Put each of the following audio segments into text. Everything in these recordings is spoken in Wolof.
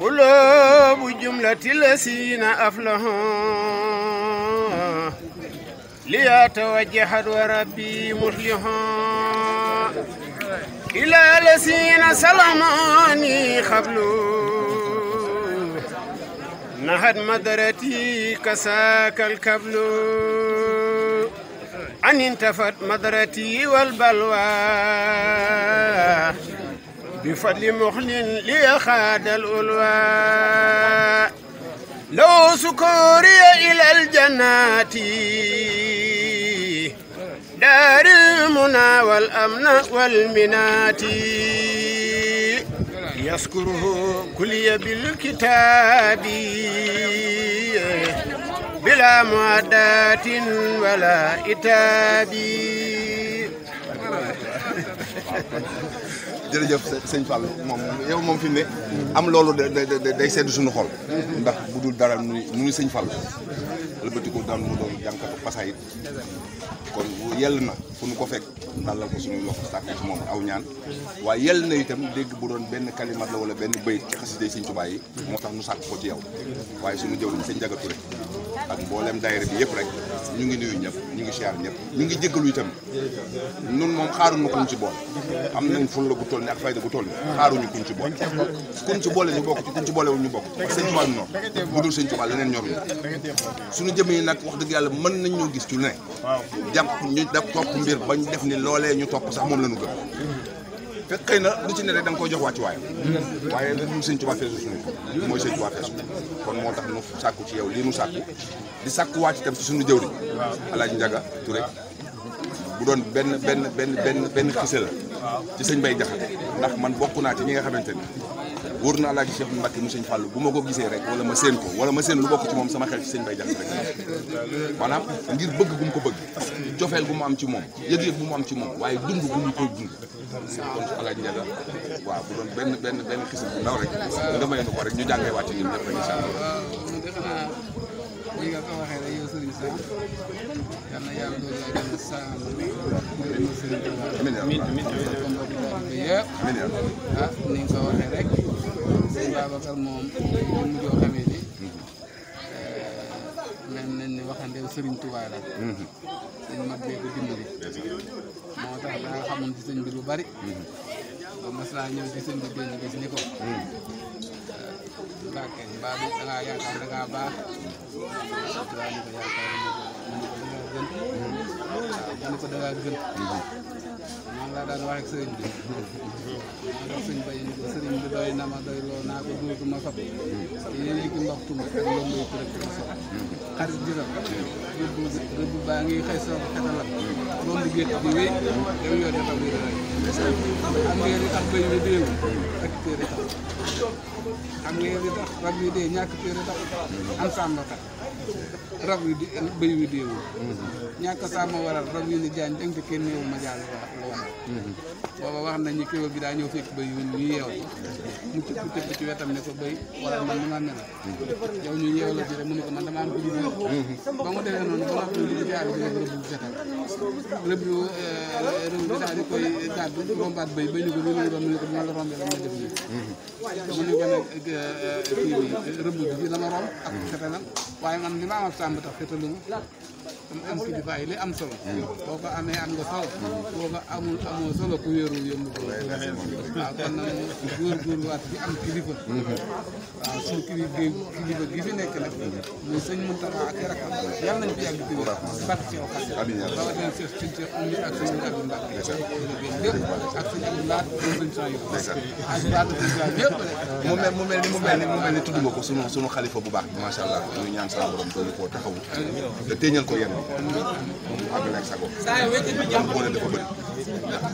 قلوب جملة الذين أفلحوا ليتوجهت وربي مفلحا إلى الذين سلماني قبلوا نهد مدرتي كساك الكبل أن انتفت مدرتي والبلوى بفضل محل لي خاد الألواء لو سكوري إلى الجنات دار المنى والأمن والمنات يذكره كلي بالكتاب بلا معدات ولا إتاب jërëjëf sëñ Fall moom yow moom fi ne am loolu day sedd suñu xol ndax bu dul dara nu nu sëñ Fall albatiku daan mu doon jànkatu pasaayit kon yell na fu nu ko fekk dalal ko suñuy loxo sàkk ci moom aw ñaan waaye yell na itam dégg bu doon benn kalimat la wala benn bëyit ci xasida sëñ Tuubaa yi moo tax nu sàkk ko ci yow waaye suñu jëw sëñ Njaga Ture ak mbooleem daayira bi yëpp rek ñu ngi nuyu ñëpp ñu ngi siyaar ñëpp ñu ngi jéggalu itam nun moom xaaruñu kuñ ci boole am nañ fulla gu toll ni ak fayda bu toll ni xaaruñu kuñ ci boole kuñ ci boole ñu bokk ci kuñ ci boole wu ñu bokk sëñ Tuubaa ñu noonu bu dul sëñ Tuubaa leneen ñoruñu suñu jëm yi nag wax dëgg yàlla mën nañ ñoo gis ci lu ne jàpp ñu daf topp mbir bañ def ni loolee ñu topp sax moom la ñu gëm na lu ci ne da nga koy jox wàcc waayam waaye ñun sëñ Tuubaa feesu suñu mooy sëñ Tuubaa feesu kon moo tax nu sàkku ci yow lii nu sàkku di sàkku wàcc itam ci suñu jëwriñ Alaaji Njaga Ture bu doon benn benn benn benn benn xise la ci sëñ Bay Jaxate ndax man bokk naa ci ñi nga xamante ni wóor na Alaaji Cheikh Mbacke mu sëñ bu ma ko gisee rek wala ma séen ko wala ma séen lu bokk ci moom sama xel ci sëñ Bay Jaxate rek maanaam ngir bëgg bu ko bëgg cofeel bu mu am ci moom am ci moom waaye dund bu mu koy dund benn benn benn xise bu ndaw rek nga may nu ko rek ñu jàngee wàcc ñun ñëpp rek incha allah li nga ko waxee rek yow sëriñ Sam yal na yàlla doon laa gën a saam mooy li ma sëriñ bi wax. amiin amiin amiin ko waxee rek sëñ Babacar moom ñun ñu joo xamee ni mel nañ ni waxandeew sëriñ Tuubaa la. mag bee ko dimbali. moo tax da nga xamoon ci bari. ba mas naa ñëw ci sëñ bi benn bis ni ko Mbàkke mbaa bi da ngaa yaakaar da ngaa baax. waaw hmm. ko yaakaar da ngaa gën. dana ko dangaa gën man laa daan wax sëriñ bi doy na ma doy loo naa ko duutu ma fab yéen yi ki ndox tumb ak loolu mooy kërëb kërëb sox xarit jiram rëbb rëbb li tax bëy bi téere tax am rab yi dee ñàkk téere tax am sàmm tax rab yi di bëy bi déewu ñàkk sàmm waral a yu ni jaañ jang te ma jàll la woon mhm. booba wax bi daa ñëw fekk bëy yu ñu yeew mu tëb tëb ci wetam ne ko bëy wala man nu ma mel man dama am mhm. eh, ko di ba ba nga xam mhm. ne jaar eh, bi rek rëbb bi fetal rëbb bi tax fetaluma kon am kilifa yi li am solo. boo amee am nga solo. boo amul amoo solo ku wéeru yëngu ko. waaw bi am kilifa. fi nekk nag. muy sëñ Mountakha ak yàgg ci wér. bàq ci wax ak suñu ceeb ummi ak suñu Abdou Mbacke. yëpp ak suñu Abdou Lahat suñu mu mel ni mu mel ni mu mel ni tudd ko sunu xalifa bu baax bi macha allah ñuy ñaan sa borom doon koo taxawu. te téeñal ko yenn moom àgg naag sa bopp. ndax boole dafa bëri ndax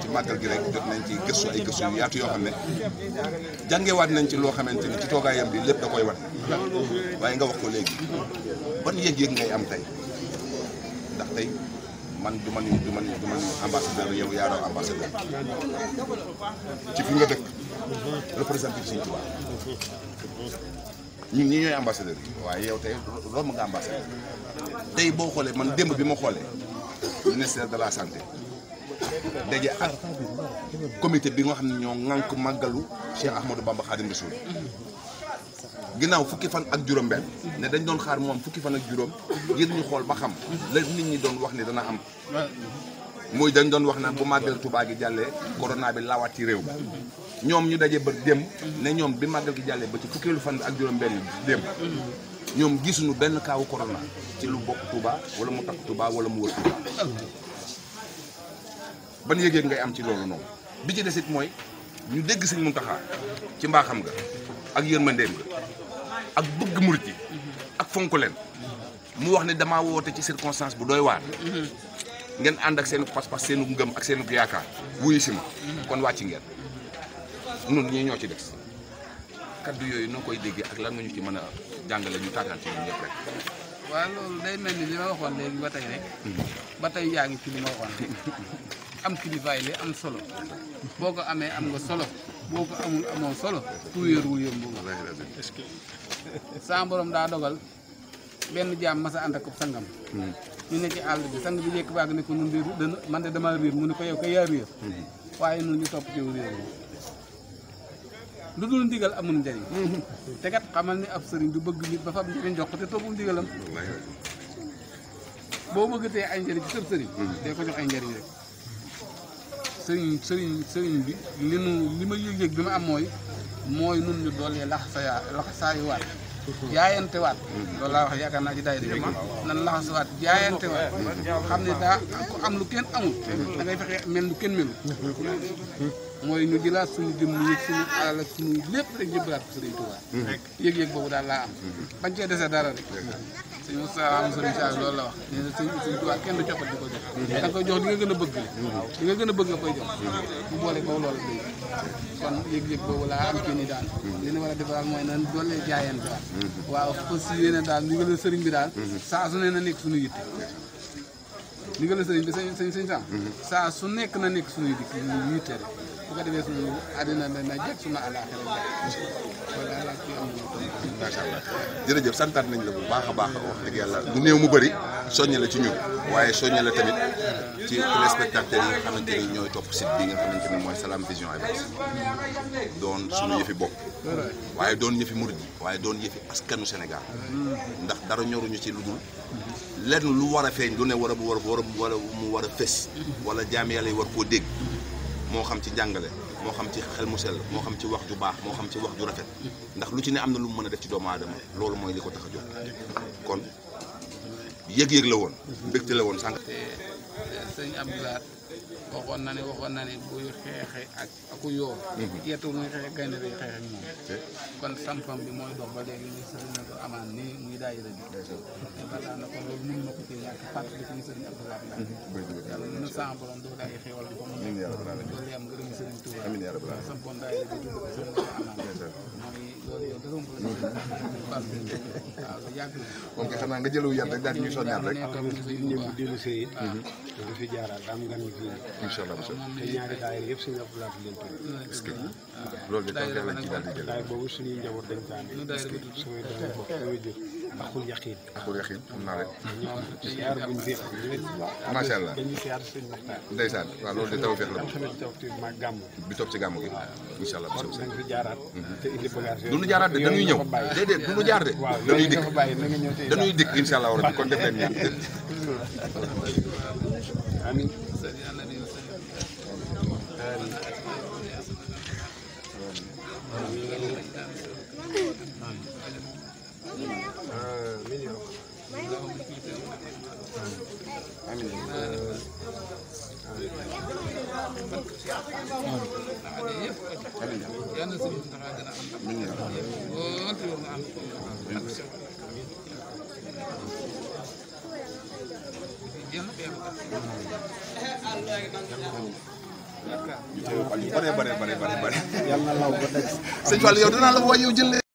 ci màggal gi rek jot nañ ci gëstu ay gëstu yu yaatu yoo xam ne jàngewaat nañ ci loo xamante ni ci toogaayam bi lépp da koy wan. waaye nga wax ko léegi ba yëg-yëg ngay am tey ndax tey man du ma ni du ma ni du ma ni ambassadeur yow yaa doon ambassadeur ci fi nga dëkk représenté Sëñ Tuubaa ñu ñi ñooy ambassadeur yi waaye yow tey romb nga ambassadeur tey boo xoolee man démb bi mu xoolee ministère de la santé daje ak comité bi nga xam ne ñoo ŋànk màggalu Cheikh Ahmadou Bamba Khadim Rassoul ginnaaw fukki fan ak juróom benn ne dañ doon xaar moom fukki fan ak juróom ngir ñu xool ba xam la nit ñi doon wax ni dana am muy dañ doon wax naan bu màggal Touba gi jàllee corona bi lawaat ci réew mi ñoom ñu daje ba démb ne ñoom bi màggal gi jàllee ba ci fukkeelu fan ak juróom-benn démb ñoom gisuñu benn kaawu corona ci lu bokk Touba wala mu takk tubaa wala mu wër Touba ban yëg-yëg ngay am ci loolu noonu bi ci desit mooy ñu dégg si Muntaxa ci mbaaxam nga ak yërmandeem nga ak bëgg murit ak fonk leen mu wax ni damaa woote ci circonstance bu doy waar ngeen ànd ak seen pas-pas seenu ngëm ak seenu yaakaar wuyu si ma kon wàcc ngeen nun ñii ñoo ci des kaddu yooyu noo koy déggee ak lan nga ñu ci mën a jàngale ñu taataan ci ñun ñëpp rek. waaw loolu day mel ni li ma waxoon léegi ba tey rek. Mm-hmm. ba tey yaa ngi ci li ma waxoon am kilifaay li am solo. boo ko amee am nga solo. boo ko solo. tuuyar wu yëngu. est-ce que. saa borom daa dogal benn jaam masa ànd ak sangam. Mm-hmm. ñu ne ci àll bi sang bi njëkk baag ne ko nun de man de damaa réer mu ne ko yow kay yaa réer. Mm-hmm. waaye nun ñu topp ci réer lu dul ndigal amul njëriñ mm-hmm. te kat xamal ni ab sëriñ du bëgg nit ba fa am njëriñ jox ko te toogul ndigalam boo bëggatee ay njëriñ ci sëriñ mm-hmm. ay njëriñ rek sëriñ bi li nu li ma yëg-yëg bi ma am mooy mooy nu ñu doolee laxasaya laxasaayu waat mm-hmm. jaayante waat loolu laa wax yaakaar naa ci daay di nan laxas waat jaayante waat xam ne daa ku am lu kenn amul da ngay fexe mel lu kenn melu mooy ñu jëlaat suñu jëmm yëg suñu alal suñu lépp mm-hmm. yëg-yëg boobu daal laa am mm-hmm. bañ cee dese dara rek sëñ Moussa am sëriñ Saal loolu la wax nee na sëñ Sëriñ Tuubaa ko jox mm-hmm. da nga koy jox gën a bëgg li nga gën a bëgg nga koy jox bu boole boobu loolu day kon yëg-yëg boobu a defaraat mooy nan doole jaayante waaw fas bi daal saa su na nekk suñu yitte li nga sëriñ bi sëñ sëñ sëñ Saam su nekk na nekk suñu yitte bu ko defee àddina na jël suñu àllaaxira jërëjëf santaat nañ la bu baax a baax wax dëgg yàlla du néew mu bari soññ la ci ñun waaye soññ la tamit ci téléspectateurs yi nga xamante ni ñooy topp site bi nga xamante ni mooy Salam Vision Events doon suñu yëfi bopp waaye doon yëfi murid waaye doon yëfi askanu Sénégal ndax dara ñoruñu ci lu dul lenn lu war a feeñ lu ne wara bu war a war a mu war a fës wala jaam yàlla yi war koo dégg moo xam ci njàngale moo xam ci xel mu sell moo xam ci wax ju baax moo xam ci wax ju rafet ndax lu ci ne am na lu mu mën a def ci doomu aadama loolu mooy li ko tax a jóg kon yëg-yëg la woon mbégte la woon sànq. sëñ Abdoulaat waxoon na ne waxoon na ne buy xeexe ak aku yoo yetu muy xeexe gaynde day xeex ak moom kon sampam bi mooy dox ba léegi ñu sëriñ na ko amaan nii muy daayira bi balaa na ko loolu mun na ko ci ñàkk fàtte bi suñu sëriñ Abdoulaat la yàlla mën na sen borom doo daay xewal bi ko mu loolu yam ngërëm sëriñ Tuubaa sampoon daayira bi tudd ko sëriñ ko amaan mooy loolu yow dërëm ko la waaw yàgg moom nga xam naa nga jëlu yar rek daal ñuy soññaat rek fi jaaraat daa am gan ñu fi indi. incha allah monsieur te ñaari daayira yëpp suñu abdoulaye leen tudd. est-ce que loolu de tànkee lañ ci daal di jël. daay boobu suñuy njaboot dañ taa ne. est-ce que samay doom bopp samay jur. loolu de taw féex la. alxames taw tuuti ma gàmmu. bi topp ci gàmmu gi. incha allah kon nañ fi jaaraat. Mhm. te indi bagage yooyu. du ñu jaar de dañuy ñëw déedéet du ñu de. waaw yooyu nga fa bàyyi na nga ñëw tey dañuy def آمين آمين ñu teew ko ñu bare bare bare bare. yàlla na law ba daj. sëñ Fall yow